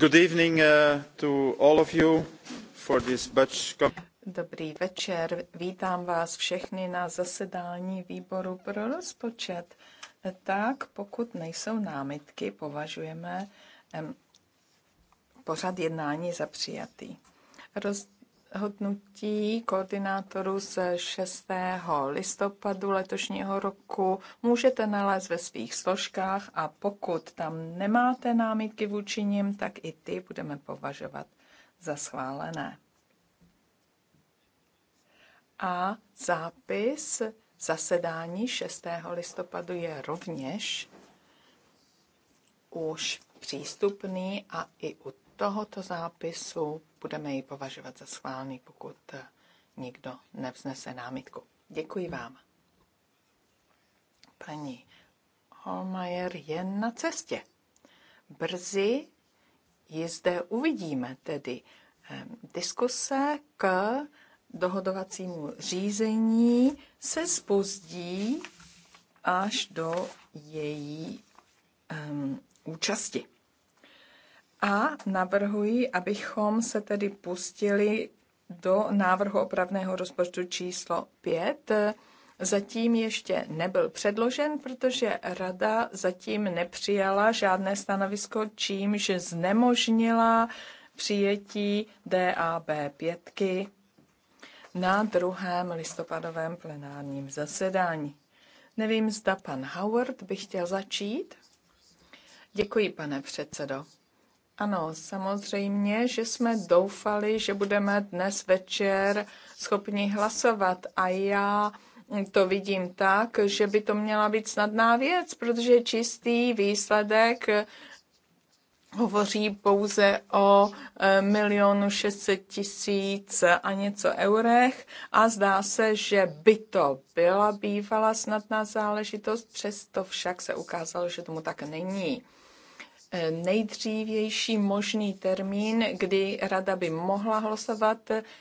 Good evening uh, to all of you for this Dobrý večer, vítám vás všechny na zasedání výboru pro rozpočet. Tak, pokud nejsou námitky, považujeme um, pořad jednání za přijatý. Roz, rozhodnutí koordinátorů ze 6. listopadu letošního roku můžete nalézt ve svých složkách a pokud tam nemáte námitky vůči nim, tak i ty budeme považovat za schválené. A zápis zasedání 6. listopadu je rovněž už přístupný a i u tohoto zápisu budeme ji považovat za schválný, pokud eh, nikdo nevznese námitku. Děkuji vám. Paní Holmajer je na cestě. Brzy ji zde uvidíme, tedy eh, diskuse k dohodovacímu řízení se spozdí až do její um, účasti. A navrhuji, abychom se tedy pustili do návrhu opravného rozpočtu číslo 5. Zatím ještě nebyl předložen, protože rada zatím nepřijala žádné stanovisko, čímž znemožnila přijetí DAB 5 na druhém listopadovém plenárním zasedání. Nevím, zda pan Howard by chtěl začít. Děkuji, pane předsedo. Ano, samozřejmě, že jsme doufali, že budeme dnes večer schopni hlasovat a já to vidím tak, že by to měla být snadná věc, protože čistý výsledek hovoří pouze o e, milionu 600 tisíc a něco eurech a zdá se, že by to byla bývala snadná záležitost, přesto však se ukázalo, že tomu tak není nejdřívější možný termín, kdy rada by mohla hlasovat,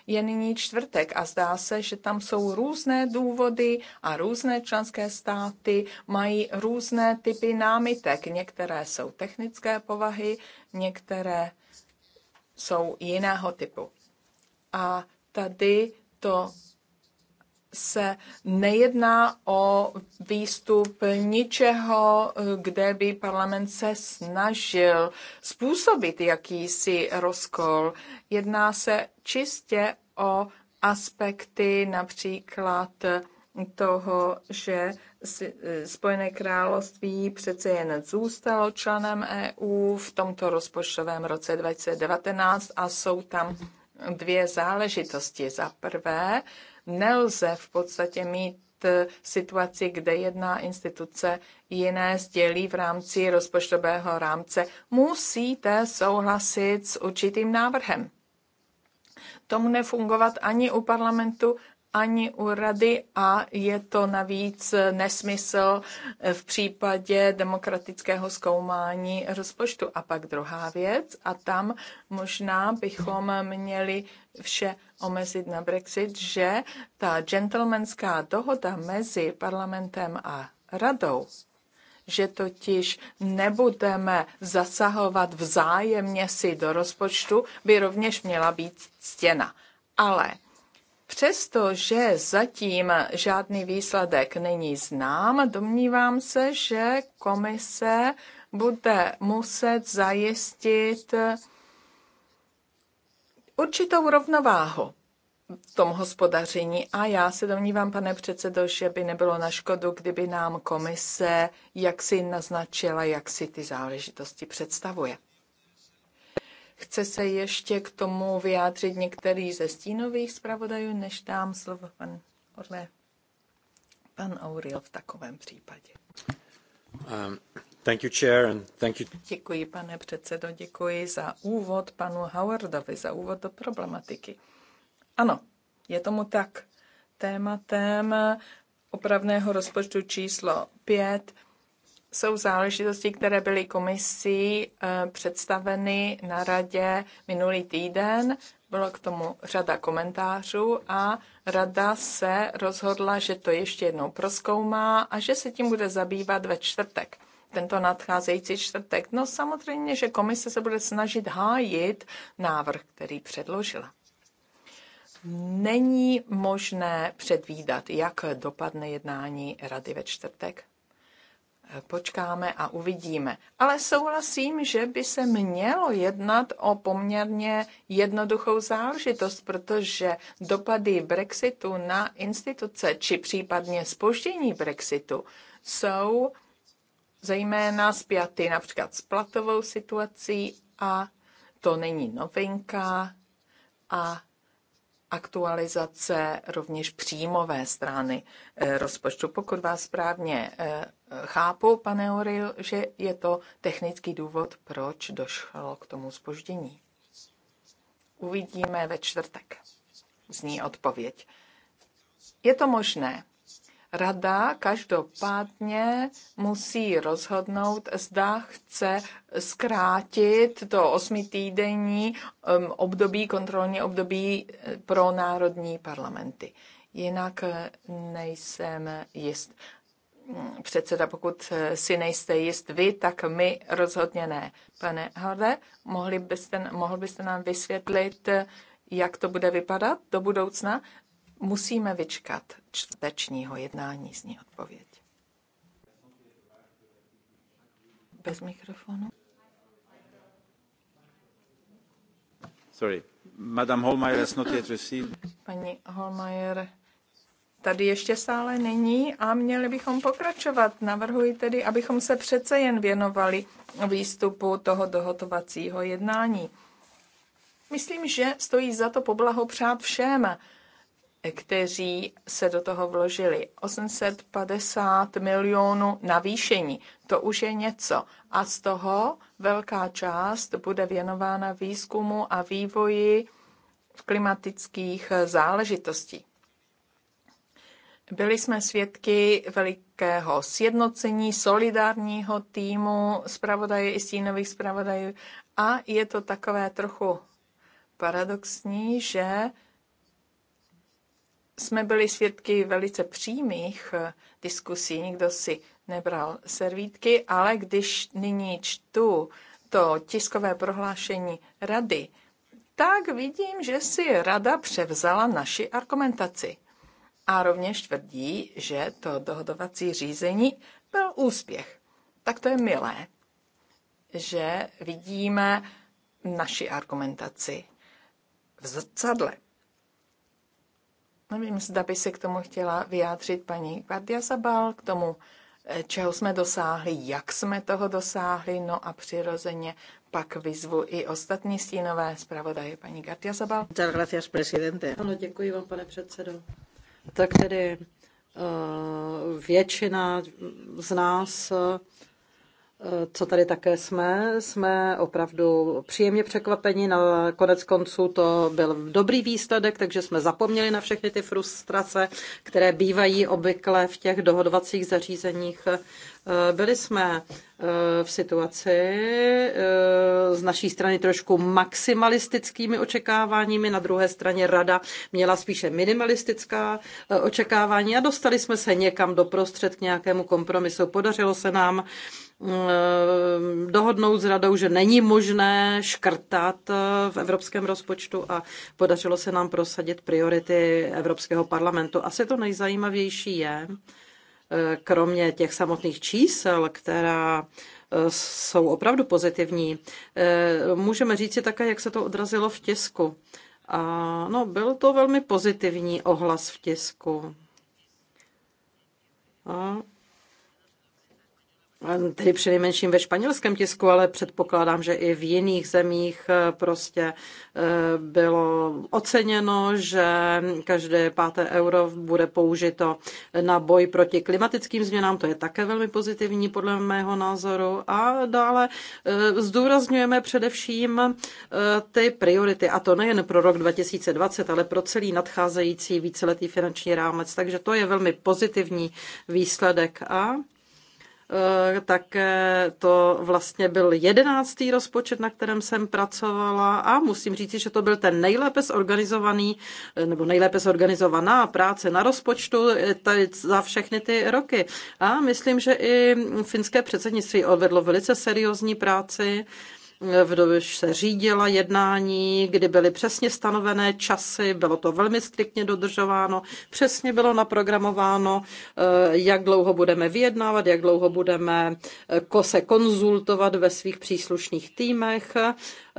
je nyní čtvrtek a zdá se, že tam jsou různé důvody a různé členské státy mají různé typy námitek. Některé jsou technické povahy, některé jsou jiného typu. A tady to se nejedná o výstup ničeho, kde by parlament se snažil způsobit jakýsi rozkol. Jedná se čistě o aspekty například toho, že e, Spojené království přece jen zůstalo členem EU v tomto rozpočtovém roce 2019 a jsou tam dvě záležitosti. Za prvé, Nelze v podstatě mít eh, situaci, kde jedna instituce jiné sdělí v rámci rozpočtového rámce, musíte souhlasit s určitým návrhem. Tomu nefungovat ani u parlamentu, ani u rady a je to navíc nesmysl v případě demokratického zkoumání rozpočtu. A pak druhá věc, a tam možná bychom měli vše omezit na Brexit, že ta gentlemanská dohoda mezi parlamentem a radou že totiž nebudeme zasahovat vzájemně si do rozpočtu, by rovněž měla být stěna. Ale Přestože zatím žádný výsledek není znám, domnívám se, že komise bude muset zajistit určitou rovnováhu v tom hospodaření. A já se domnívám, pane předsedo, že by nebylo na škodu, kdyby nám komise jaksi naznačila, jak si ty záležitosti představuje. Chce se ještě k tomu vyjádřit některý ze stínových zpravodajů, než dám slovo pan Orle. Pan Auril v takovém případě. Um, thank you, chair, and thank you. Děkuji, pane předsedo, děkuji za úvod panu Howardovi, za úvod do problematiky. Ano, je tomu tak. Tématem opravného rozpočtu číslo 5 jsou záležitosti, které byly komisí eh, představeny na radě minulý týden. Bylo k tomu řada komentářů a rada se rozhodla, že to ještě jednou proskoumá a že se tím bude zabývat ve čtvrtek tento nadcházející čtvrtek. No samozřejmě, že komise se bude snažit hájit návrh, který předložila. Není možné předvídat, jak dopadne jednání rady ve čtvrtek počkáme a uvidíme. Ale souhlasím, že by se mělo jednat o poměrně jednoduchou záležitost, protože dopady Brexitu na instituce či případně spoždění Brexitu jsou zejména zpěty například s platovou situací a to není novinka a aktualizace rovněž příjmové strany eh, rozpočtu. Pokud vás správně eh, Chápu, pane Uril, že je to technický důvod, proč došlo k tomu spoždění. Uvidíme ve čtvrtek, zní odpověď. Je to možné. Rada každopádně musí rozhodnout, zda chce zkrátit to osmitýdenní um, období, kontrolní období eh, pro národní parlamenty. Jinak eh, nejsem jist předseda, pokud eh, si nejste jist vy, tak my rozhodně ne. Pane Horde, mohli byste, mohl byste nám vysvětlit, jak to bude vypadat do budoucna? Musíme vyčkat čtečního jednání, z ní odpověď. Bez mikrofonu. Sorry, Madame Holmeyer has not yet received. Paní Holmeyer tady ještě stále není a měli bychom pokračovat. Navrhuji tedy, abychom se přece jen věnovali výstupu toho dohotovacího jednání. Myslím, že stojí za to poblahopřát všem, kteří se do toho vložili. 850 milionů navýšení, to už je něco. A z toho velká část bude věnována výzkumu a vývoji v klimatických záležitostí. Byli jsme svědky velikého sjednocení solidárního týmu zpravodaje i stínových zpravodajů a je to takové trochu paradoxní, že jsme byli svědky velice přímých eh, diskusí, nikdo si nebral servítky, ale když nyní čtu to tiskové prohlášení rady, tak vidím, že si rada převzala naši argumentaci a rovněž tvrdí, že to dohodovací řízení byl úspěch. Tak to je milé, že vidíme naši argumentaci v zrcadle. Nevím, zda by se k tomu chtěla vyjádřit paní Guardia Sabal, k tomu, eh, čeho jsme dosáhli, jak jsme toho dosáhli, no a přirozeně pak vyzvu i ostatní stínové zpravodaje, paní Gardia Zabal. Ano, děkuji vám, pane předsedo tak tedy eh, většina z nás, eh, co tady také jsme, jsme opravdu příjemně překvapeni. Na konec konců to byl dobrý výsledek, takže jsme zapomněli na všechny ty frustrace, které bývají obvykle v těch dohodovacích zařízeních Eh, byli jsme eh, v situaci eh, z naší strany trošku maximalistickými očekáváními, na druhé straně rada měla spíše minimalistická očekávání a dostali jsme se někam prostřed k nějakému kompromisu. Podařilo se nám dohodnout s radou, že není možné škrtat v evropském rozpočtu a podařilo se nám prosadit priority Evropského parlamentu. Asi to nejzajímavější je, Eh, kromě těch samotných čísel, která eh, jsou opravdu pozitivní, eh, můžeme říct, si také, jak se to odrazilo v tisku. A no, byl to velmi pozitivní ohlas v tisku. A tedy přinejmenším ve španělském tisku, ale předpokládám, že i v jiných zemích eh, prostě eh, bylo oceněno, že každé páté euro bude použito na boj proti klimatickým změnám. To je také velmi pozitivní podle mého názoru. A dále eh, zdůrazňujeme především ty priority, a to nejen pro rok 2020, ale pro celý nadcházející víceletý finanční rámec. Takže to je velmi pozitivní výsledek. A Eh, tak to vlastně byl jedenáctý rozpočet, na kterém jsem pracovala a musím říct, že to byl ten nejlépe zorganizovaný eh, nebo nejlépe zorganizovaná práce na rozpočtu eh, tady za všechny ty roky. A myslím, že i finské předsednictví odvedlo velice seriózní práci v době se řídila jednání, kdy byly přesně stanovené časy, bylo to velmi striktně dodržováno, přesně bylo naprogramováno, eh, jak dlouho budeme vyjednávat, jak dlouho budeme eh, se konzultovat ve svých příslušných týmech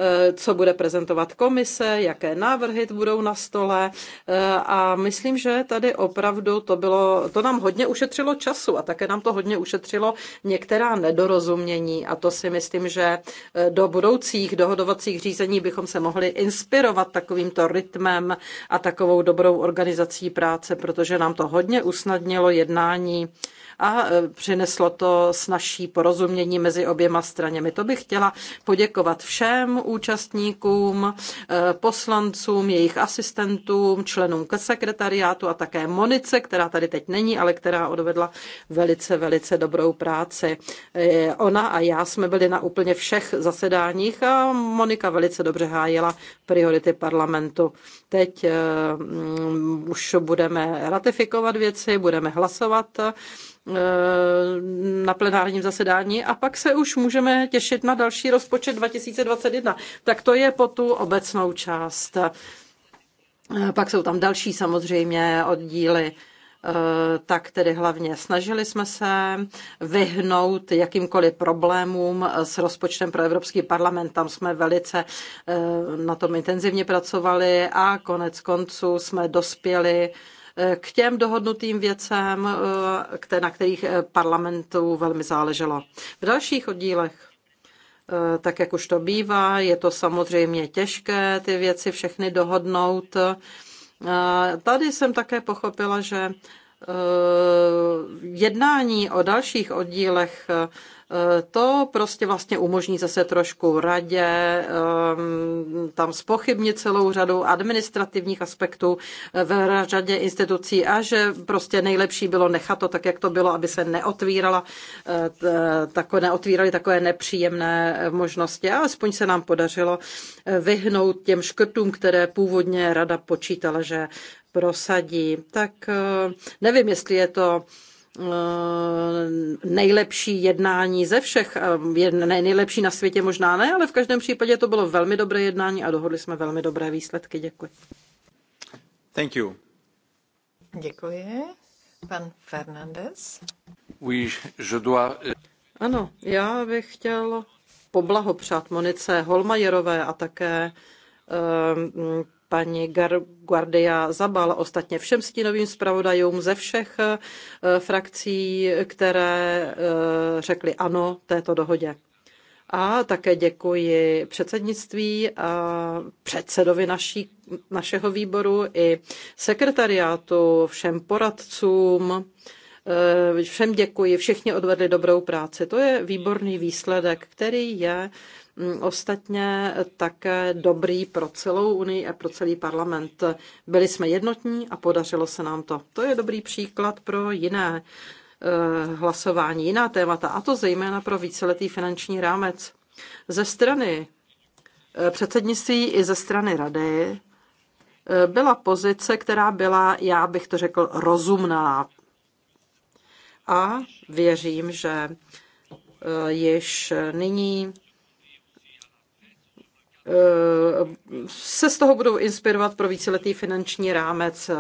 Eh, co bude prezentovat komise, jaké návrhy budou na stole eh, a myslím, že tady opravdu to bylo, to nám hodně ušetřilo času a také nám to hodně ušetřilo některá nedorozumění a to si myslím, že eh, do budoucích dohodovacích řízení bychom se mohli inspirovat takovýmto rytmem a takovou dobrou organizací práce, protože nám to hodně usnadnilo jednání a e, přineslo to snažší porozumění mezi oběma straněmi. To bych chtěla poděkovat všem účastníkům, e, poslancům, jejich asistentům, členům k sekretariátu a také Monice, která tady teď není, ale která odvedla velice, velice dobrou práci. E, ona a já jsme byli na úplně všech zasedáních a Monika velice dobře hájila priority parlamentu. Teď už budeme ratifikovat věci, budeme hlasovat Eh, na plenárním zasedání a pak se už můžeme těšit na další rozpočet 2021. Tak to je po tu obecnou část. Eh, pak jsou tam další samozřejmě oddíly eh, tak tedy hlavně snažili jsme se vyhnout jakýmkoliv problémům s rozpočtem pro Evropský parlament. Tam jsme velice na tom intenzivně pracovali a konec konců jsme dospěli k těm dohodnutým věcem, eh, na kterých eh, parlamentu velmi záleželo. V dalších oddílech eh, tak jak už to bývá, je to samozřejmě těžké ty věci všechny dohodnout. Tady jsem také pochopila, že jednání o dalších oddílech Eh, to prostě vlastně umožní zase trošku radě ehm, tam spochybnit celou řadu administrativních aspektů eh, v řadě institucí a že prostě nejlepší bylo nechat to tak, jak to bylo, aby se neotvírala, eh, tako, neotvíraly takové nepříjemné možnosti. A aspoň se nám podařilo vyhnout těm škrtům, které původně rada počítala, že prosadí. Tak nevím, jestli je to Eh, nejlepší jednání ze všech, eh, ne, nejlepší na světě možná ne, ale v každém případě to bylo velmi dobré jednání a dohodli jsme velmi dobré výsledky. Děkuji. Thank you. Děkuji. Pan Fernandez. Oui, je dois... Eh, ano, já bych chtěl poblahopřát Monice Holmajerové a také paní Guardia Zabal, ostatně všem stínovým zpravodajům ze všech eh, frakcí, které eh, řekly ano této dohodě. A také děkuji předsednictví a předsedovi naší, našeho výboru i sekretariátu, všem poradcům, eh, všem děkuji, všichni odvedli dobrou práci. To je výborný výsledek, který je Mm, ostatně také dobrý pro celou Unii a pro celý parlament. Byli jsme jednotní a podařilo se nám to. To je dobrý příklad pro jiné eh, hlasování, jiná témata, a to zejména pro víceletý finanční rámec. Ze strany eh, předsednictví i ze strany rady eh, byla pozice, která byla, já bych to řekl, rozumná. A věřím, že již nyní se z toho budou inspirovat pro víceletý finanční rámec, e,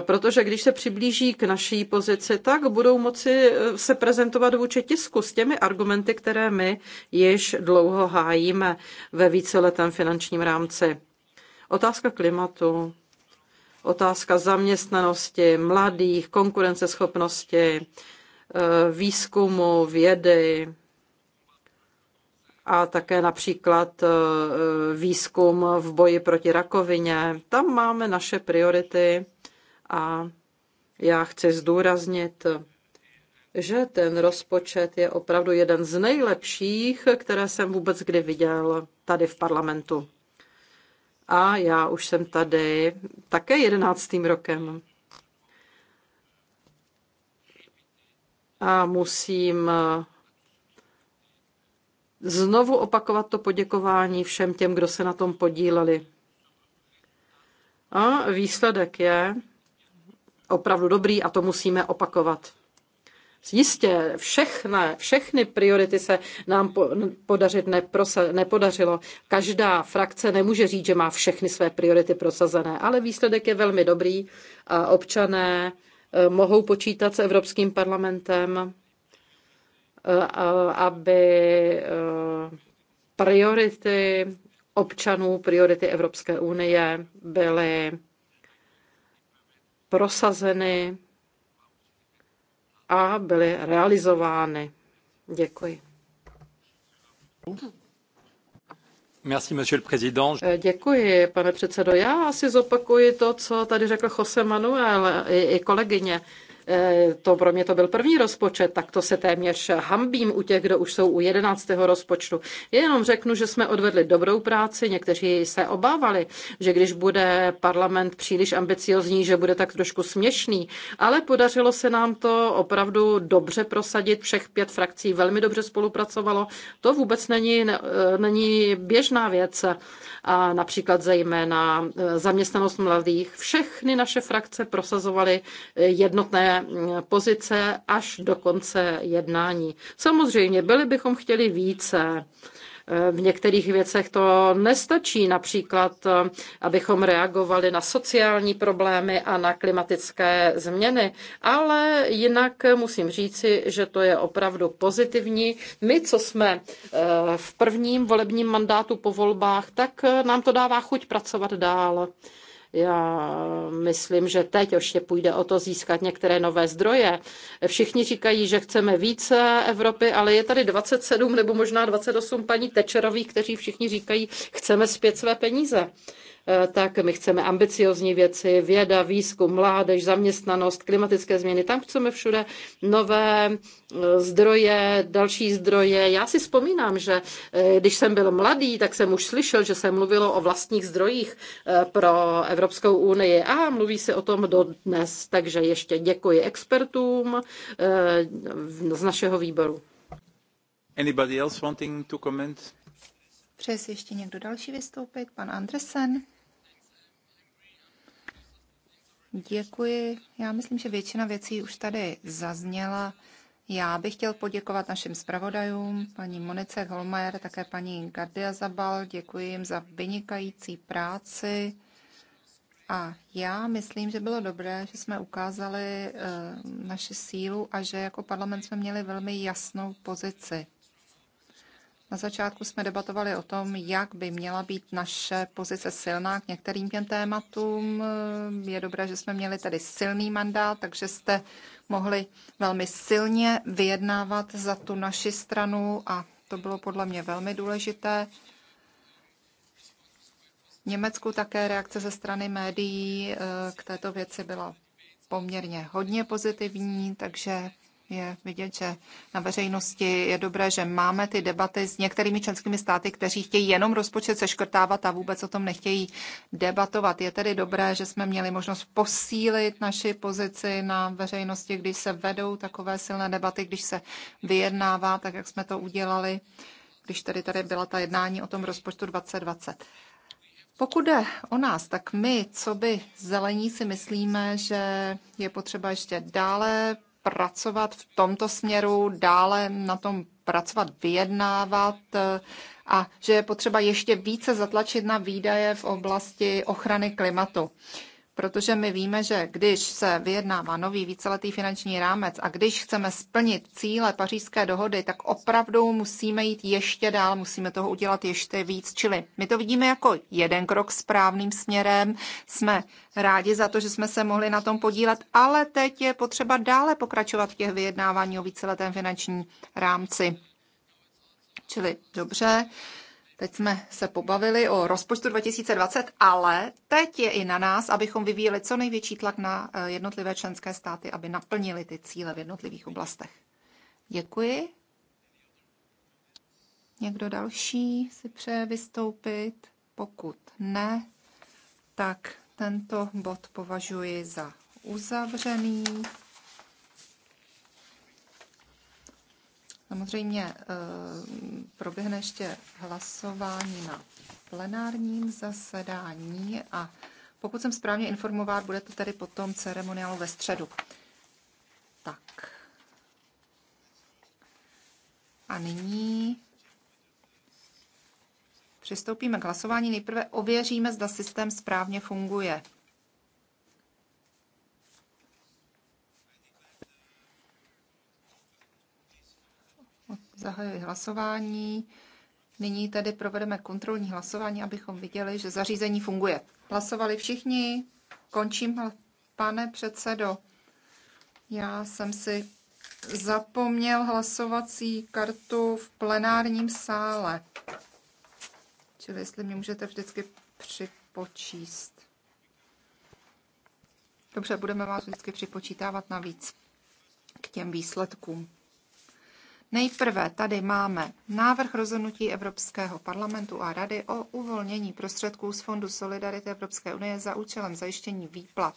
protože když se přiblíží k naší pozici, tak budou moci e, se prezentovat vůči tisku s těmi argumenty, které my již dlouho hájíme ve víceletém finančním rámci. Otázka klimatu, otázka zaměstnanosti, mladých, konkurenceschopnosti, e, výzkumu, vědy, a také například e, e, výzkum v boji proti rakovině. Tam máme naše priority a já chci zdůraznit, že ten rozpočet je opravdu jeden z nejlepších, které jsem vůbec kdy viděl tady v parlamentu. A já už jsem tady také jedenáctým rokem. A musím znovu opakovat to poděkování všem těm, kdo se na tom podíleli. A výsledek je opravdu dobrý a to musíme opakovat. Jistě, všechny, všechny priority se nám podařit neprose, nepodařilo. Každá frakce nemůže říct, že má všechny své priority prosazené, ale výsledek je velmi dobrý a občané eh, mohou počítat s Evropským parlamentem Eh, aby eh, priority občanů, priority Evropské unie byly prosazeny a byly realizovány. Děkuji. Merci, monsieur le président. Eh, děkuji, pane předsedo. Já asi zopakuji to, co tady řekl Jose Manuel i, i kolegyně. Eh, to pro mě to byl první rozpočet, tak to se téměř hambím u těch, kdo už jsou u jedenáctého rozpočtu. Jenom řeknu, že jsme odvedli dobrou práci, někteří se obávali, že když bude parlament příliš ambiciozní, že bude tak trošku směšný, ale podařilo se nám to opravdu dobře prosadit, všech pět frakcí velmi dobře spolupracovalo. To vůbec není, eh, není běžná věc a například zejména eh, zaměstnanost mladých. Všechny naše frakce prosazovaly jednotné pozice až do konce jednání. Samozřejmě byli bychom chtěli více. V některých věcech to nestačí, například, abychom reagovali na sociální problémy a na klimatické změny, ale jinak musím říci, že to je opravdu pozitivní. My, co jsme eh, v prvním volebním mandátu po volbách, tak nám to dává chuť pracovat dál. Já myslím, že teď ještě půjde o to získat některé nové zdroje. Všichni říkají, že chceme více Evropy, ale je tady 27 nebo možná 28 paní Tečerových, kteří všichni říkají, chceme zpět své peníze. Eh, tak my chceme ambiciozní věci, věda, výzkum, mládež, zaměstnanost, klimatické změny. Tam chceme všude nové eh, zdroje, další zdroje. Já si vzpomínám, že eh, když jsem byl mladý, tak jsem už slyšel, že se mluvilo o vlastních zdrojích pro Evropskou unii a mluví se o tom dodnes. Takže ještě děkuji expertům z našeho výboru. Anybody else wanting to comment? Přes ještě někdo další vystoupit? Pan Andresen. Děkuji. Já myslím, že většina věcí už tady zazněla. Já bych chtěl poděkovat našim zpravodajům, paní Monice Holmajer, také paní Gardia Zabal. Děkuji jim za vynikající práci. A já myslím, že bylo dobré, že jsme ukázali e, naši sílu a že jako parlament jsme měli velmi jasnou pozici. Na začátku jsme debatovali o tom, jak by měla být naše pozice silná k některým těm tématům. Je dobré, že jsme měli tedy silný mandát, takže jste mohli velmi silně vyjednávat za tu naši stranu a to bylo podle mě velmi důležité. V Německu také reakce ze strany médií eh, k této věci byla poměrně hodně pozitivní, takže je vidět, že na veřejnosti je dobré, že máme ty debaty s některými členskými státy, kteří chtějí jenom rozpočet seškrtávat a vůbec o tom nechtějí debatovat. Je tedy dobré, že jsme měli možnost posílit naši pozici na veřejnosti, když se vedou takové silné debaty, když se vyjednává, tak jak jsme to udělali, když tady tady byla ta jednání o tom rozpočtu 2020. Pokud jde o nás, tak my, co by zelení, si myslíme, že je potřeba ještě dále pracovat v tomto směru, dále na tom pracovat, vyjednávat eh, a že je potřeba ještě více zatlačit na výdaje v oblasti ochrany klimatu protože my víme, že když se vyjednává nový víceletý finanční rámec a když chceme splnit cíle pařížské dohody, tak opravdu musíme jít ještě dál, musíme toho udělat ještě víc. Čili my to vidíme jako jeden krok správným směrem, jsme rádi za to, že jsme se mohli na tom podílet, ale teď je potřeba dále pokračovat v těch vyjednávání o víceletém finanční rámci. Čili dobře, Teď jsme se pobavili o rozpočtu 2020, ale teď je i na nás, abychom vyvíjeli co největší tlak na eh, jednotlivé členské státy, aby naplnili ty cíle v jednotlivých oblastech. Děkuji. Někdo další si přeje vystoupit? Pokud ne, tak tento bod považuji za uzavřený. Samozřejmě eh, proběhne ještě hlasování na plenárním zasedání a pokud jsem správně informován, bude to tedy potom ceremoniálu ve středu. Tak. A nyní přistoupíme k hlasování. Nejprve ověříme, zda systém správně funguje. Zahajuji hlasování. Nyní tedy provedeme kontrolní hlasování, abychom viděli, že zařízení funguje. Hlasovali všichni. Končím, pane předsedo. Já jsem si zapomněl hlasovací kartu v plenárním sále. Čili jestli mě můžete vždycky připočíst. Dobře, budeme vás vždycky připočítávat navíc k těm výsledkům. Nejprve tady máme návrh rozhodnutí Evropského parlamentu a rady o uvolnění prostředků z Fondu Solidarity Evropské unie za účelem zajištění výplat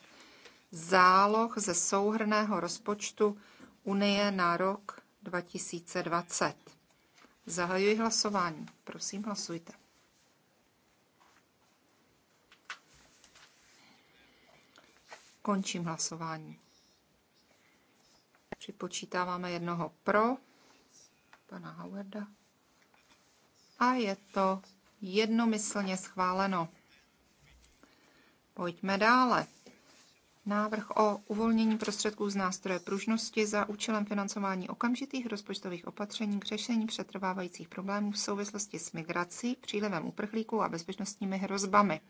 záloh ze souhrného rozpočtu Unie na rok 2020. Zahajuji hlasování. Prosím, hlasujte. Končím hlasování. Připočítáváme jednoho pro, pana Howarda. A je to jednomyslně schváleno. Pojďme dále. Návrh o uvolnění prostředků z nástroje pružnosti za účelem financování okamžitých rozpočtových opatření k řešení přetrvávajících problémů v souvislosti s migrací, přílivem uprchlíků a bezpečnostními hrozbami.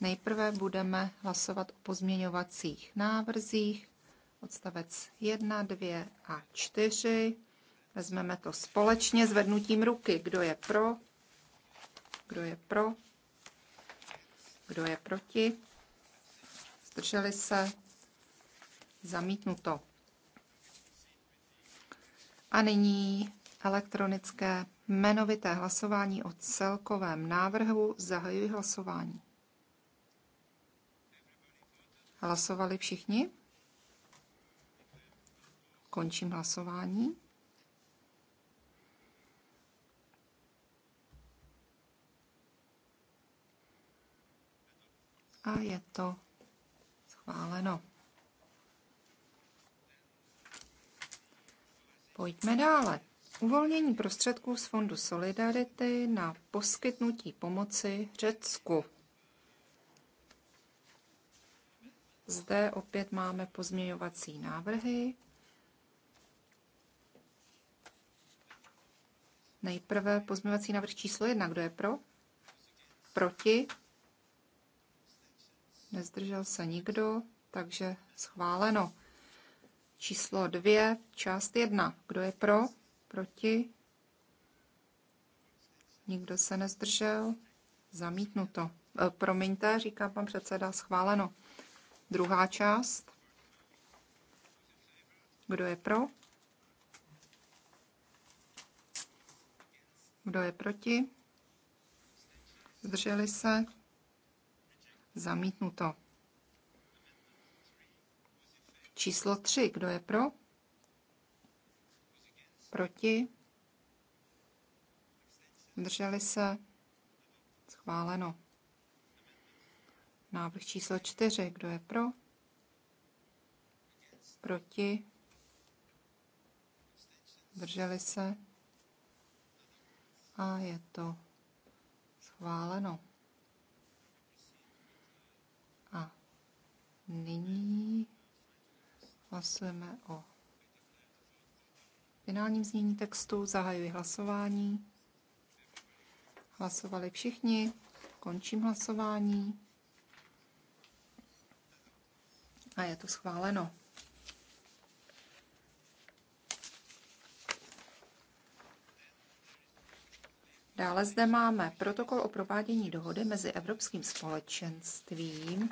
Nejprve budeme hlasovat o pozměňovacích návrzích odstavec 1, 2 a 4. Vezmeme to společně zvednutím ruky. Kdo je pro? Kdo je pro? Kdo je proti? Zdrželi se? Zamítnuto. A nyní elektronické jmenovité hlasování o celkovém návrhu. Zahajuji hlasování. Hlasovali všichni? Končím hlasování. A je to schváleno. Pojďme dále. Uvolnění prostředků z Fondu Solidarity na poskytnutí pomoci Řecku. Zde opět máme pozměňovací návrhy. Nejprve pozměňovací návrh číslo jedna, Kdo je pro? Proti? Nezdržel se nikdo, takže schváleno. Číslo dvě, část jedna, Kdo je pro? Proti? Nikdo se nezdržel. Zamítnuto. E, promiňte, říká pan předseda, schváleno. Druhá část. Kdo je pro? Kdo je proti? Zdrželi se? Zamítnuto. Číslo 3. Kdo je pro? Proti? Zdrželi se? Schváleno. Návrh číslo 4. Kdo je pro? Proti? Zdrželi se? a je to schváleno. A nyní hlasujeme o finálním znění textu. Zahajuji hlasování. Hlasovali všichni. Končím hlasování. A je to schváleno. Dále zde máme protokol o provádění dohody mezi Evropským společenstvím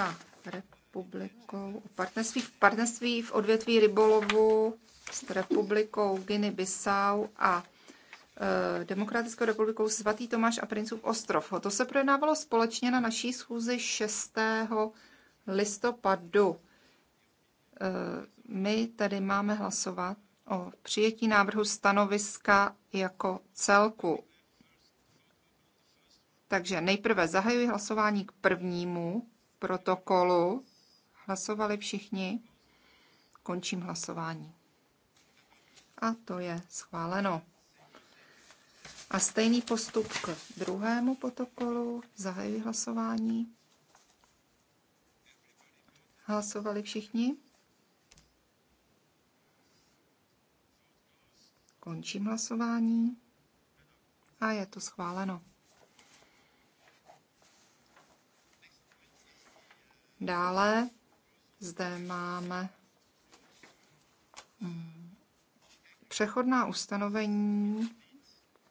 a republikou partnerství, partnerství v odvětví rybolovu s republikou Guinea-Bissau a e, Demokratickou republikou Svatý Tomáš a Princův ostrov. To se projednávalo společně na naší schůzi 6. listopadu. E, my tady máme hlasovat o přijetí návrhu stanoviska jako celku. Takže nejprve zahajuji hlasování k prvnímu protokolu. Hlasovali všichni. Končím hlasování. A to je schváleno. A stejný postup k druhému protokolu. Zahajuji hlasování. Hlasovali všichni? Končím hlasování a je to schváleno. Dále zde máme mm, přechodná ustanovení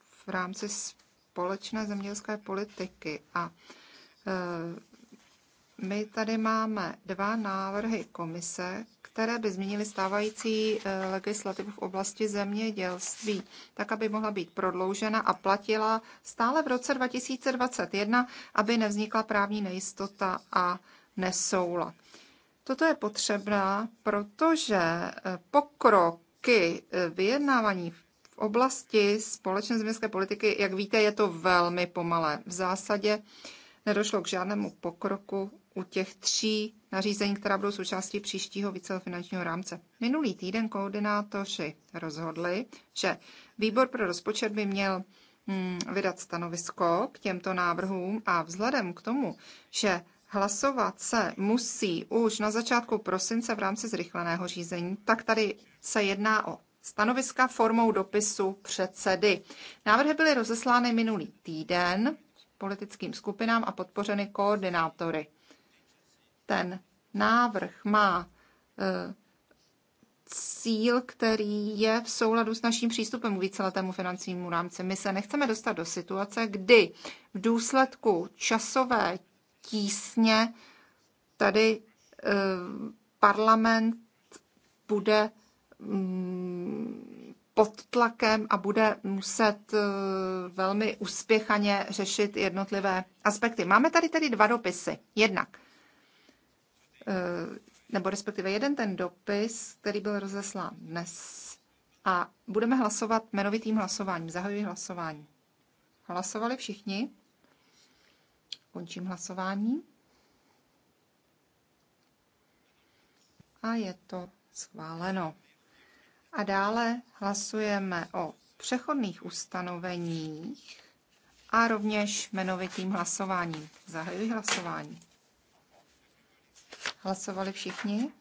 v rámci společné zemědělské politiky a e, my tady máme dva návrhy komise, které by změnily stávající eh, legislativu v oblasti zemědělství, tak aby mohla být prodloužena a platila stále v roce 2021, aby nevznikla právní nejistota a nesoula. Toto je potřebné, protože eh, pokroky eh, vyjednávání v oblasti společné zemědělské politiky, jak víte, je to velmi pomalé. V zásadě nedošlo k žádnému pokroku u těch tří nařízení, která budou součástí příštího víceho finančního rámce. Minulý týden koordinátoři rozhodli, že výbor pro rozpočet by měl hm, vydat stanovisko k těmto návrhům a vzhledem k tomu, že hlasovat se musí už na začátku prosince v rámci zrychleného řízení, tak tady se jedná o stanoviska formou dopisu předsedy. Návrhy byly rozeslány minulý týden politickým skupinám a podpořeny koordinátory ten návrh má e, cíl, který je v souladu s naším přístupem k víceletému finančnímu rámci. My se nechceme dostat do situace, kdy v důsledku časové tísně tady e, parlament bude mm, pod tlakem a bude muset e, velmi uspěchaně řešit jednotlivé aspekty. Máme tady tedy dva dopisy. Jednak Eh, nebo respektive jeden ten dopis, který byl rozeslán dnes. A budeme hlasovat jmenovitým hlasováním. Zahajuji hlasování. Hlasovali všichni. Končím hlasování. A je to schváleno. A dále hlasujeme o přechodných ustanoveních a rovněž jmenovitým hlasováním. Zahajuji hlasování. Hlasovali všichni?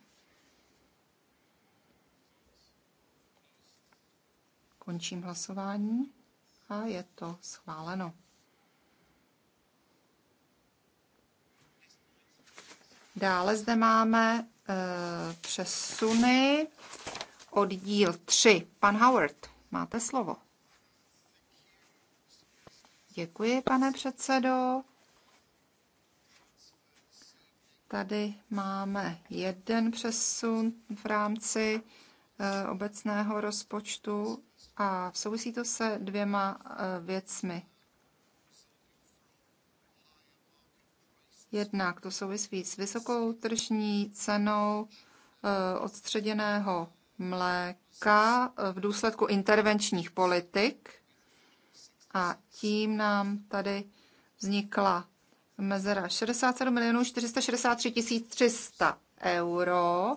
Končím hlasování a je to schváleno. Dále zde máme e, přesuny oddíl 3. Pan Howard, máte slovo. Děkuji, pane předsedo. Tady máme jeden přesun v rámci eh, obecného rozpočtu a souvisí to se dvěma eh, věcmi. Jednak to souvisí s vysokou tržní cenou eh, odstředěného mléka v důsledku intervenčních politik a tím nám tady vznikla mezera 67 milionů 463 300 euro.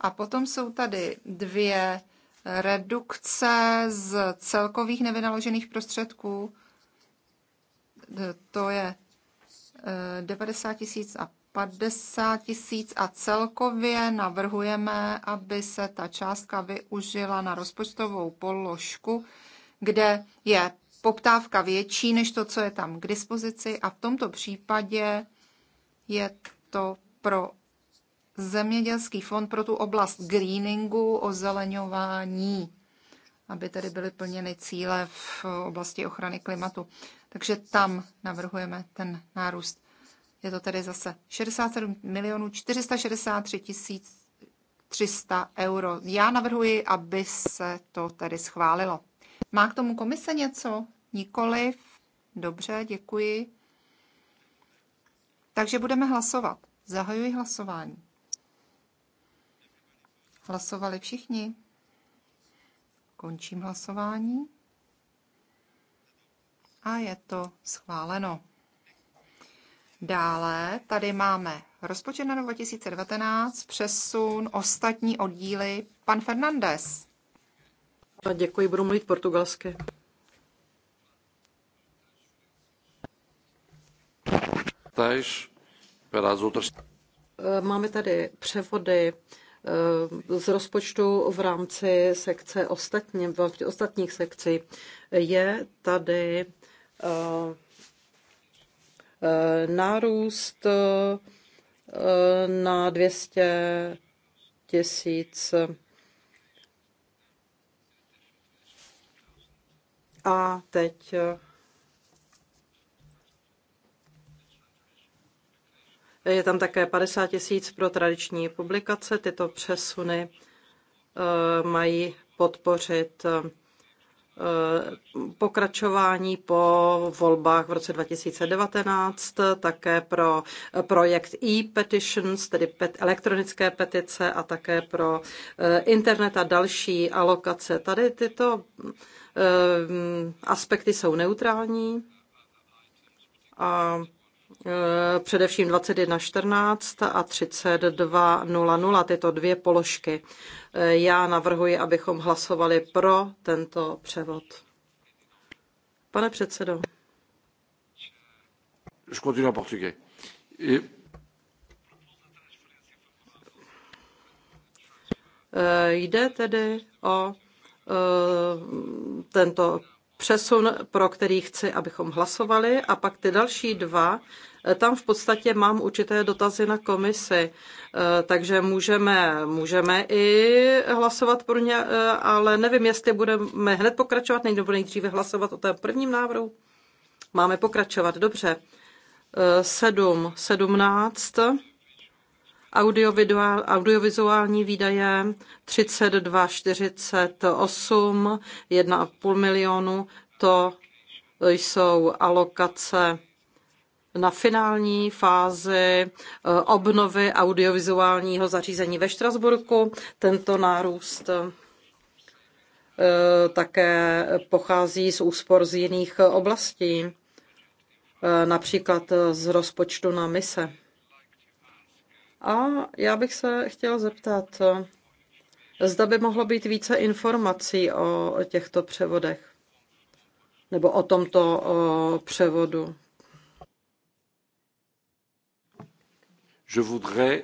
A potom jsou tady dvě redukce z celkových nevynaložených prostředků. To je 90 eh, tisíc a 50 tisíc a celkově navrhujeme, aby se ta částka využila na rozpočtovou položku, kde je poptávka větší než to, co je tam k dispozici a v tomto případě je to pro zemědělský fond pro tu oblast greeningu, ozeleňování, aby tedy byly plněny cíle v oblasti ochrany klimatu. Takže tam navrhujeme ten nárůst. Je to tedy zase 67 milionů 463 tisíc 300 euro. Já navrhuji, aby se to tedy schválilo. Má k tomu komise něco? Nikoliv. Dobře, děkuji. Takže budeme hlasovat. Zahajuji hlasování. Hlasovali všichni. Končím hlasování. A je to schváleno. Dále tady máme rozpočet na 2019, přesun, ostatní oddíly. Pan Fernandez. A děkuji, budu mluvit portugalsky. Tež eh, Máme tady převody eh, z rozpočtu v rámci sekce ostatní, v ostatních sekcí. Je tady eh, nárůst na 200 tisíc A teď eh, je tam také 50 tisíc pro tradiční publikace. Tyto přesuny eh, mají podpořit eh, Eh, pokračování po volbách v roce 2019, také pro projekt e-petitions, tedy pet, elektronické petice a také pro eh, internet a další alokace. Tady tyto eh, aspekty jsou neutrální a Eh, především 21.14 a 32.00, tyto dvě položky. Eh, já navrhuji, abychom hlasovali pro tento převod. Pane předsedo. Je na en eh, Jde tedy o tento přesun, pro který chci, abychom hlasovali, a pak ty další dva, eh, tam v podstatě mám určité dotazy na komisi, eh, takže můžeme, můžeme i hlasovat pro ně, eh, ale nevím, jestli budeme hned pokračovat, nebo nejdříve hlasovat o tom prvním návrhu. Máme pokračovat, dobře. 7, 17, audiovizuální výdaje 32,48, 1,5 milionu, to jsou alokace na finální fázi eh, obnovy audiovizuálního zařízení ve Štrasburku. Tento nárůst eh, také pochází z úspor z jiných oblastí, eh, například z rozpočtu na mise. A já bych se chtěla zeptat, zda by mohlo být více informací o těchto převodech nebo o tomto převodu. Je voudrais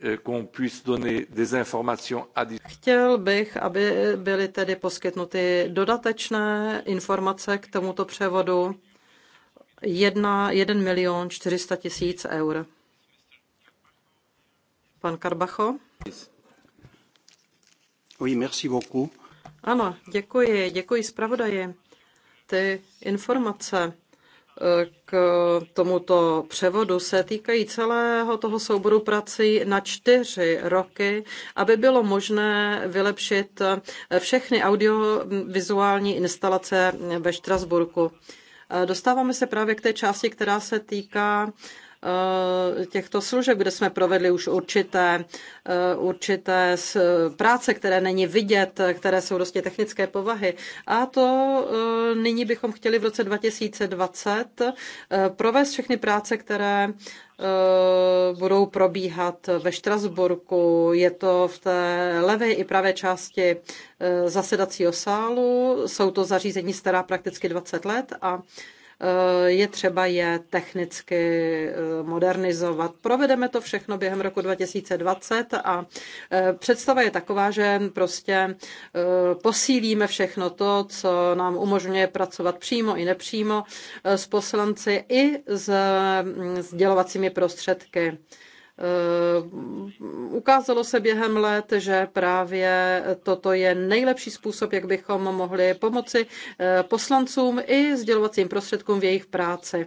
eh, qu'on puisse donner des informations Chtěl bych, aby byly tedy poskytnuty dodatečné informace k tomuto převodu 1, 1 milion 400 tisíc eur. Pan Karbacho. Oui, merci beaucoup. Ano, děkuji, děkuji zpravodaji. Ty informace eh, k tomuto převodu se týkají celého toho souboru prací na čtyři roky, aby bylo možné vylepšit eh, všechny audiovizuální instalace ve Štrasburku. Eh, dostáváme se právě k té části, která se týká Eh, těchto služeb, kde jsme provedli už určité, eh, určité práce, které není vidět, které jsou prostě technické povahy. A to eh, nyní bychom chtěli v roce 2020 provést všechny práce, které budou probíhat ve Štrasburku. Je to v té levé i pravé části zasedacího sálu. Jsou to zařízení stará prakticky 20 let a Eh, je třeba je technicky eh, modernizovat. Provedeme to všechno během roku 2020 a eh, představa je taková, že prostě posílíme všechno to, co nám umožňuje pracovat přímo i nepřímo s poslanci i s mm, sdělovacími prostředky. Eh, ukázalo se během let, že právě toto je nejlepší způsob, jak bychom mohli pomoci eh, poslancům i sdělovacím prostředkům v jejich práci.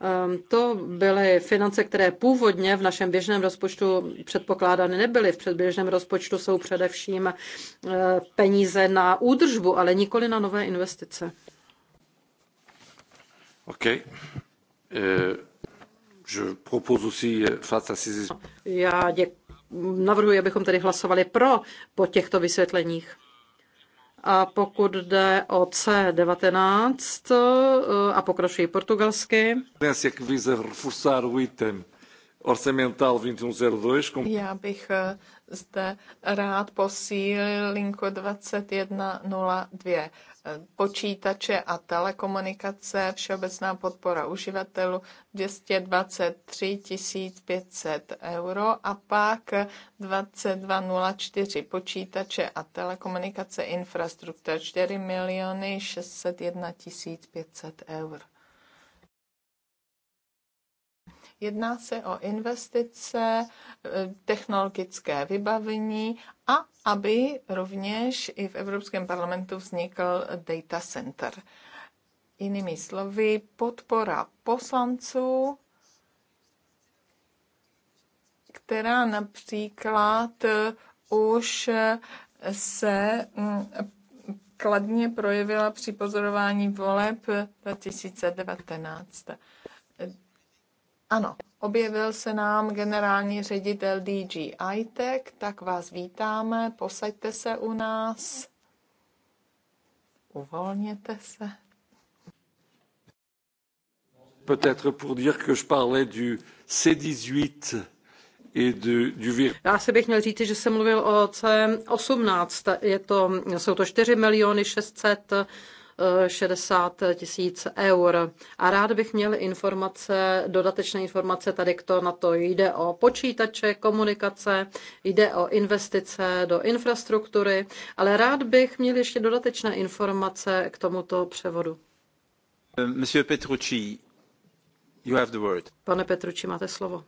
Ehm, to byly finance, které původně v našem běžném rozpočtu předpokládány nebyly. V předběžném rozpočtu jsou především eh, peníze na údržbu, ale nikoli na nové investice. Okay. Uh... Eh, Já děk... navrhuji, abychom tedy hlasovali pro po těchto vysvětleních. A pokud jde o C19 eh, a pokračuji portugalsky. Dnes, jak vy orçamental 2102. E um Já bych eh, zde rád posílil linku 2102. Eh, počítače a telekomunikace, všeobecná podpora uživatelů 223 500 euro a pak 2204 počítače a telekomunikace infrastruktura 4 miliony 601 500 euro. Jedná se o investice, eh, technologické vybavení a aby rovněž i v Evropském parlamentu vznikl data center. Jinými slovy, podpora poslanců, která například eh, už eh, se mm, kladně projevila při pozorování voleb 2019. Ano, objevil se nám generální ředitel DG ITEC, tak vás vítáme, posaďte se u nás, uvolněte se. Peut-être pour dire que je parlais du C18 asi bych měl říct, že jsem mluvil o C18. Je to, jsou to 4 miliony 600 60 tisíc eur. A rád bych měl informace, dodatečné informace tady k to na to. Jde o počítače, komunikace, jde o investice do infrastruktury, ale rád bych měl ještě dodatečné informace k tomuto převodu. Monsieur Petrucci, you have the word. Pane Petrucci, máte slovo.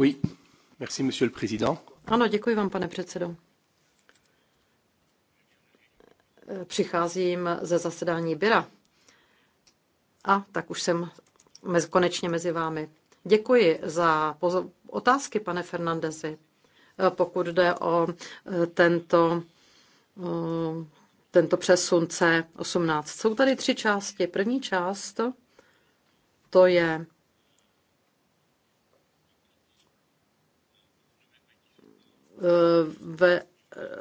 Oui. Merci, monsieur le président. Ano, děkuji vám, pane předsedo přicházím ze zasedání Byra. A tak už jsem mezi, konečně mezi vámi. Děkuji za otázky, pane Fernandezi. Pokud jde o eh, tento, eh, tento přesun C18, jsou tady tři části. První část to je eh, ve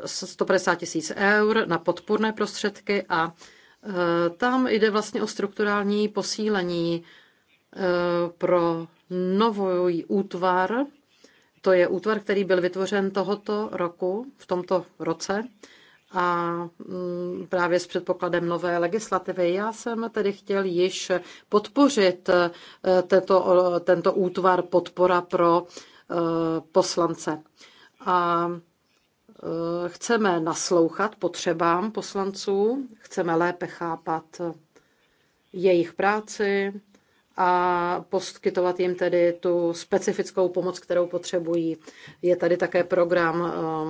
150 tisíc eur na podpůrné prostředky a e, tam jde vlastně o strukturální posílení e, pro nový útvar. To je útvar, který byl vytvořen tohoto roku, v tomto roce a mm, právě s předpokladem nové legislativy. Já jsem tedy chtěl již podpořit e, tento, tento útvar podpora pro poslance. A Eh, chceme naslouchat potřebám poslanců, chceme lépe chápat jejich práci a poskytovat jim tedy tu specifickou pomoc, kterou potřebují. Je tady také program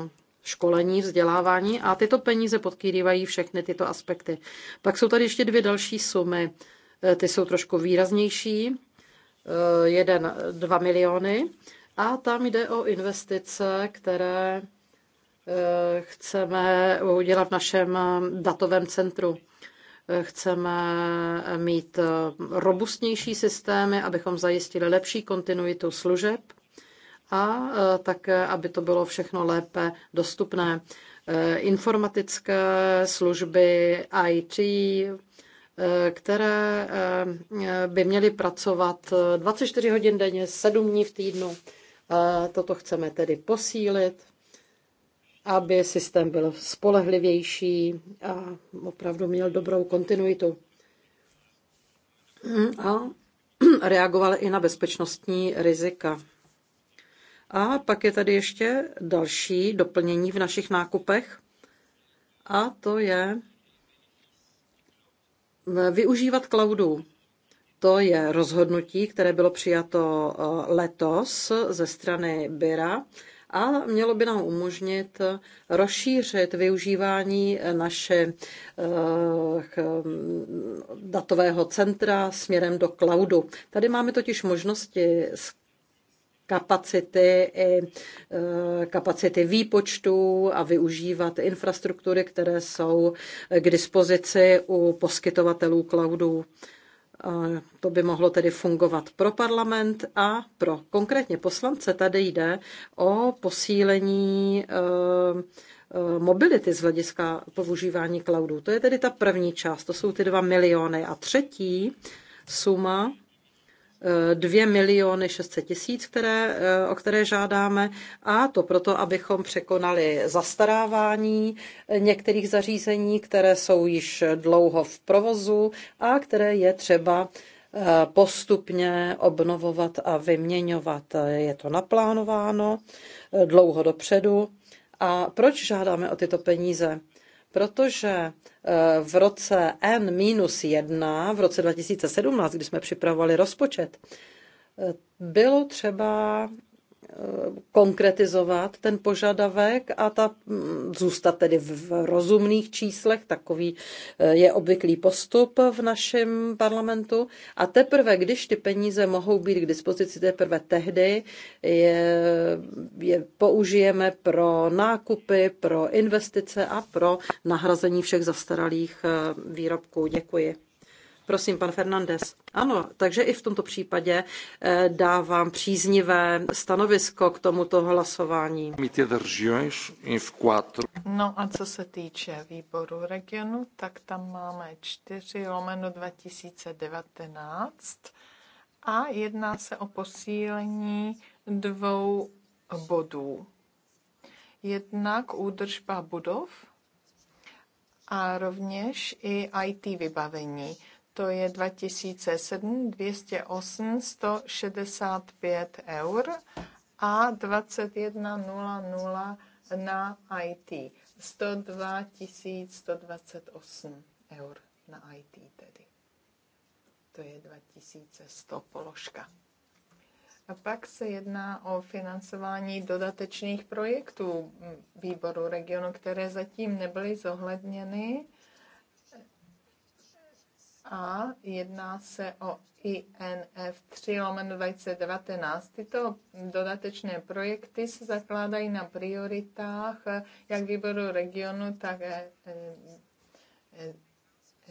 eh, školení, vzdělávání a tyto peníze podkýrývají všechny tyto aspekty. Pak jsou tady ještě dvě další sumy. Eh, ty jsou trošku výraznější. Jeden, dva miliony. A tam jde o investice, které Eh, chceme udělat v našem datovém centru. Eh, chceme mít eh, robustnější systémy, abychom zajistili lepší kontinuitu služeb a také, aby to bylo všechno lépe dostupné. Informatické služby, IT, které by měly pracovat 24 hodin denně, 7 dní v týdnu. Toto chceme tedy posílit aby systém byl spolehlivější a opravdu měl dobrou kontinuitu. A reagoval i na bezpečnostní rizika. A pak je tady ještě další doplnění v našich nákupech, a to je využívat cloudů. To je rozhodnutí, které bylo přijato eh, letos ze strany Byra a mělo by nám umožnit rozšířit využívání naše eh, datového centra směrem do cloudu. Tady máme totiž možnosti kapacity i eh, kapacity výpočtů a využívat infrastruktury, které jsou k dispozici u poskytovatelů cloudu. To by mohlo tedy fungovat pro parlament a pro konkrétně poslance. Tady jde o posílení eh, eh, mobility z hlediska používání cloudu. To je tedy ta první část, to jsou ty dva miliony. A třetí suma 2 miliony 600 tisíc, které, eh, o které žádáme, a to proto, abychom překonali zastarávání některých zařízení, které jsou již dlouho v provozu a které je třeba eh, postupně obnovovat a vyměňovat. Je to naplánováno eh, dlouho dopředu. A proč žádáme o tyto peníze? protože eh, v roce N-1, v roce 2017, kdy jsme připravovali rozpočet, eh, bylo třeba konkretizovat ten požadavek a ta, mm, zůstat tedy v rozumných číslech, takový eh, je obvyklý postup v našem parlamentu. A teprve, když ty peníze mohou být k dispozici, teprve tehdy je, je použijeme pro nákupy, pro investice a pro nahrazení všech zastaralých eh, výrobků. Děkuji. Prosím, pan Fernandez. Ano, takže i v tomto případě eh, dávám příznivé stanovisko k tomuto hlasování. No a co se týče výboru regionu, tak tam máme 4 lomeno 2019 a jedná se o posílení dvou bodů. Jednak údržba budov a rovněž i IT vybavení to je 2007 208 165 eur a 21.00 na IT. 102 128 eur na IT tedy. To je 2100 položka. A pak se jedná o financování dodatečných projektů výboru regionu, které zatím nebyly zohledněny a jedná se o INF 3 lomen 2019. Tyto dodatečné projekty se zakládají na prioritách jak výboru regionu, tak e, e, e,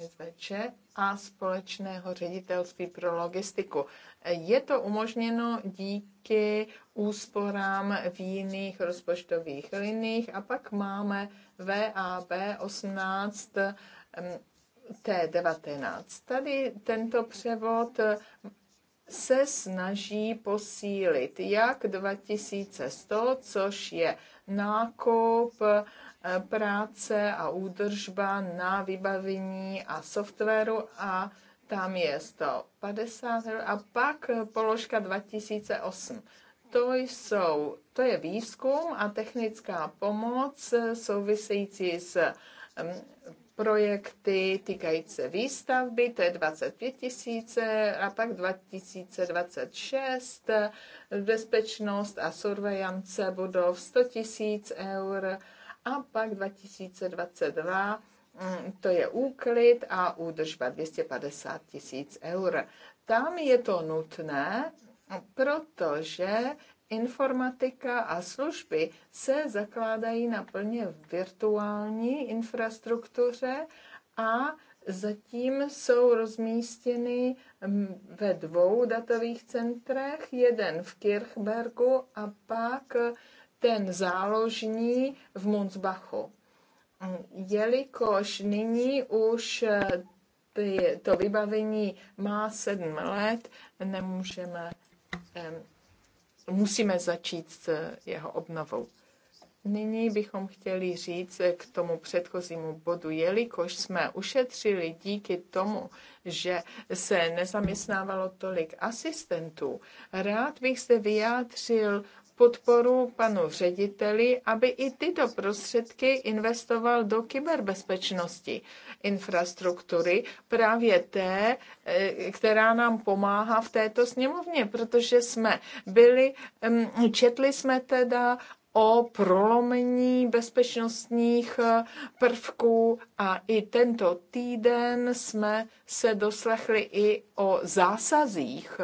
SVČ a společného ředitelství pro logistiku. Je to umožněno díky úsporám v jiných rozpočtových liních a pak máme VAB 18 T19. Tady tento převod se snaží posílit jak 2100, což je nákup, eh, práce a údržba na vybavení a softwaru a tam je 150 a pak položka 2008. To, jsou, to je výzkum a technická pomoc eh, související s mm, projekty týkající se výstavby, to je 25 tisíce a pak 2026, bezpečnost a surveillance budov 100 tisíc eur a pak 2022 mm, to je úklid a údržba 250 tisíc eur. Tam je to nutné, protože Informatika a služby se zakládají na plně virtuální infrastruktuře a zatím jsou rozmístěny ve dvou datových centrech, jeden v Kirchbergu a pak ten záložní v Munzbachu. Mm, jelikož nyní už eh, to vybavení má sedm let, nemůžeme musíme začít s jeho obnovou. Nyní bychom chtěli říct k tomu předchozímu bodu, jelikož jsme ušetřili díky tomu, že se nezaměstnávalo tolik asistentů, rád bych se vyjádřil podporu panu řediteli, aby i tyto prostředky investoval do kyberbezpečnosti infrastruktury, právě té, eh, která nám pomáhá v této sněmovně, protože jsme byli, mm, četli jsme teda o prolomení bezpečnostních eh, prvků a i tento týden jsme se doslechli i o zásazích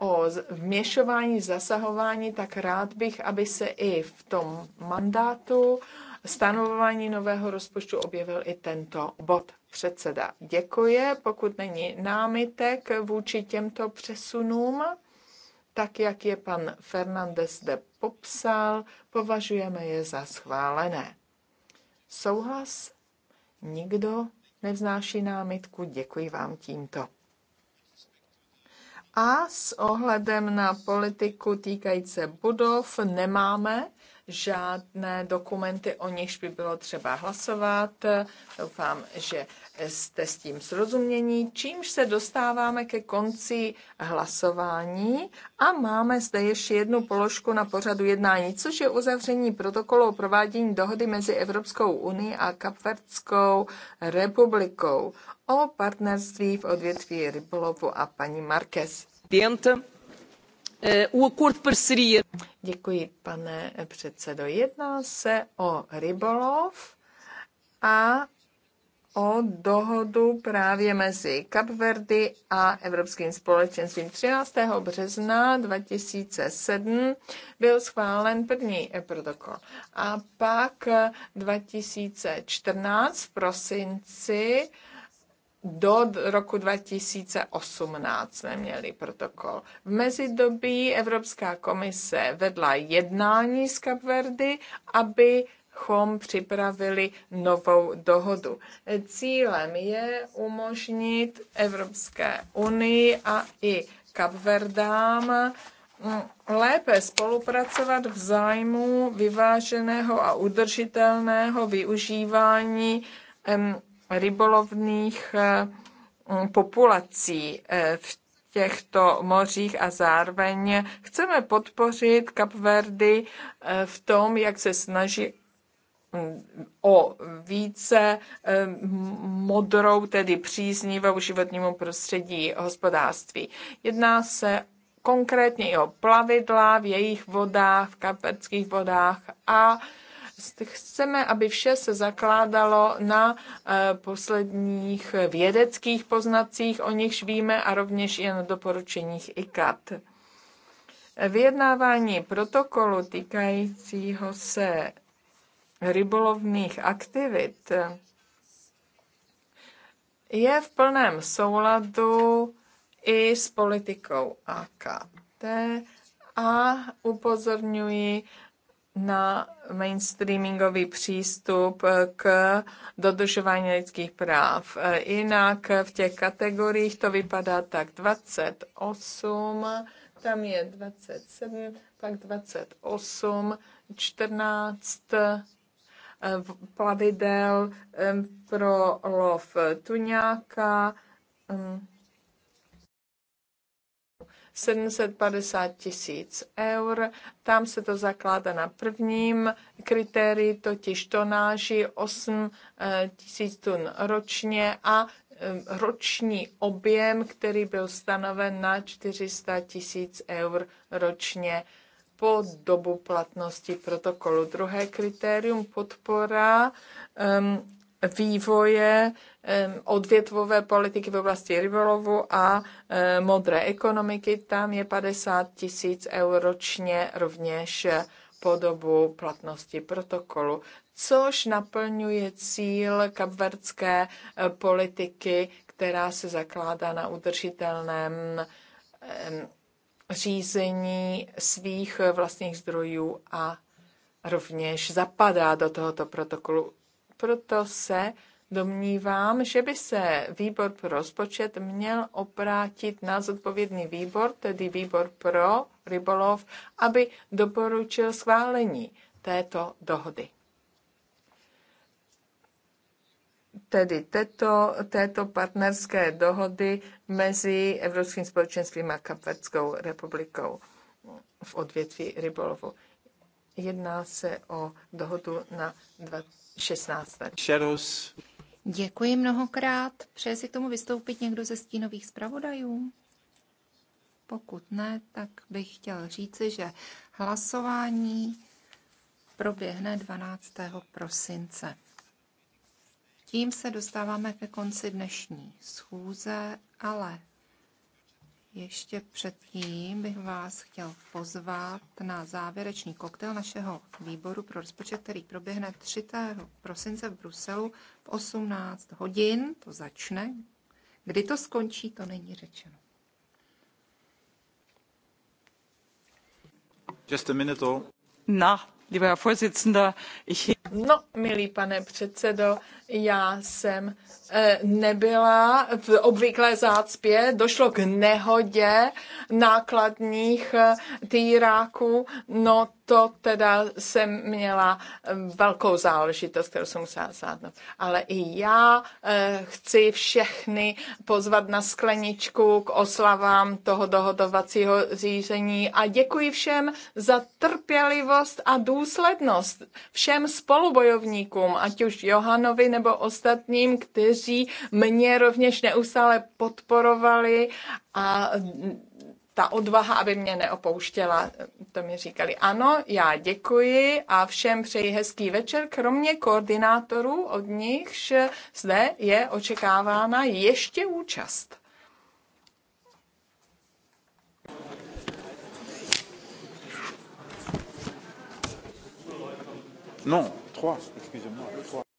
o vměšování, zasahování, tak rád bych, aby se i v tom mandátu stanovování nového rozpočtu objevil i tento bod. Předseda děkuje, pokud není námitek vůči těmto přesunům, tak jak je pan Fernandez zde popsal, považujeme je za schválené. Souhlas? Nikdo nevznáší námitku, děkuji vám tímto. A s ohledem na politiku týkající budov nemáme žádné dokumenty, o nichž by bylo třeba hlasovat. Doufám, že jste s tím srozumění, čímž se dostáváme ke konci hlasování a máme zde ještě jednu položku na pořadu jednání, což je uzavření protokolu o provádění dohody mezi Evropskou unii a Kapverdskou republikou o partnerství v odvětví rybolovu a paní Marquez. Eh, o Děkuji, pane předsedo. Jedná se o rybolov a o dohodu právě mezi Kapverdy a Evropským společenstvím. 13. března 2007 byl schválen první protokol a pak 2014 v prosinci do roku 2018 jsme měli protokol. V mezidobí Evropská komise vedla jednání s Kapverdy, abychom připravili novou dohodu. Cílem je umožnit Evropské unii a i Kapverdám mm, lépe spolupracovat v zájmu vyváženého a udržitelného využívání rybolovných eh, mm, populací eh, v těchto mořích a zároveň chceme podpořit Kapverdy eh, v tom, jak se snaží mm, o více modrou, tedy příznivou životnímu prostředí hospodářství. Jedná se konkrétně i o plavidla v jejich vodách, v kapverských vodách a Chceme, aby vše se zakládalo na eh, posledních vědeckých poznacích, o nichž víme, a rovněž i na doporučeních IKAT. Vyjednávání protokolu týkajícího se rybolovných aktivit je v plném souladu i s politikou AKT a upozorňuji na mainstreamingový přístup k dodržování lidských práv. Jinak v těch kategoriích to vypadá tak 28, tam je 27, pak 28, 14 eh, plavidel eh, pro lov tuňáka, mm, 750 tisíc eur. Tam se to zakládá na prvním kritérii, totiž tonáži 8 eh, tisíc tun ročně a eh, roční objem, který byl stanoven na 400 tisíc eur ročně po dobu platnosti protokolu. Druhé kritérium podpora um, vývoje odvětvové politiky v oblasti rybolovu a modré ekonomiky. Tam je 50 tisíc eur ročně rovněž po dobu platnosti protokolu, což naplňuje cíl kapverdské eh, politiky, která se zakládá na udržitelném řízení svých vlastních zdrojů a rovněž zapadá do tohoto protokolu. Proto se domnívám, že by se výbor pro rozpočet měl oprátit na zodpovědný výbor, tedy výbor pro rybolov, aby doporučil schválení této dohody. Tedy této, této partnerské dohody mezi Evropským společenstvím a Kapverskou republikou v odvětví rybolovu. Jedná se o dohodu na 20 16. Děkuji mnohokrát. Přeje si k tomu vystoupit někdo ze stínových zpravodajů? Pokud ne, tak bych chtěl říci, že hlasování proběhne 12. prosince. Tím se dostáváme ke konci dnešní schůze, ale ještě předtím bych vás chtěl pozvat na závěrečný koktejl našeho výboru pro rozpočet, který proběhne 3. prosince v Bruselu v 18 hodin. To začne. Kdy to skončí, to není řečeno. Just a minute. Or... No, No, milý pane předsedo, já jsem eh, nebyla v obvyklé zácpě, došlo k nehodě nákladních eh, týráků, no to teda jsem měla velkou záležitost, kterou jsem musela zvládnout. Ale i já eh, chci všechny pozvat na skleničku k oslavám toho dohodovacího řízení a děkuji všem za trpělivost a důslednost. Všem spolubojovníkům, ať už Johanovi nebo ostatním, kteří mě rovněž neustále podporovali a ta odvaha, aby mě neopouštěla, to mi říkali. Ano, já děkuji a všem přeji hezký večer, kromě koordinátorů, od že zde je očekávána ještě účast. Non, trois, excusez-moi, trois.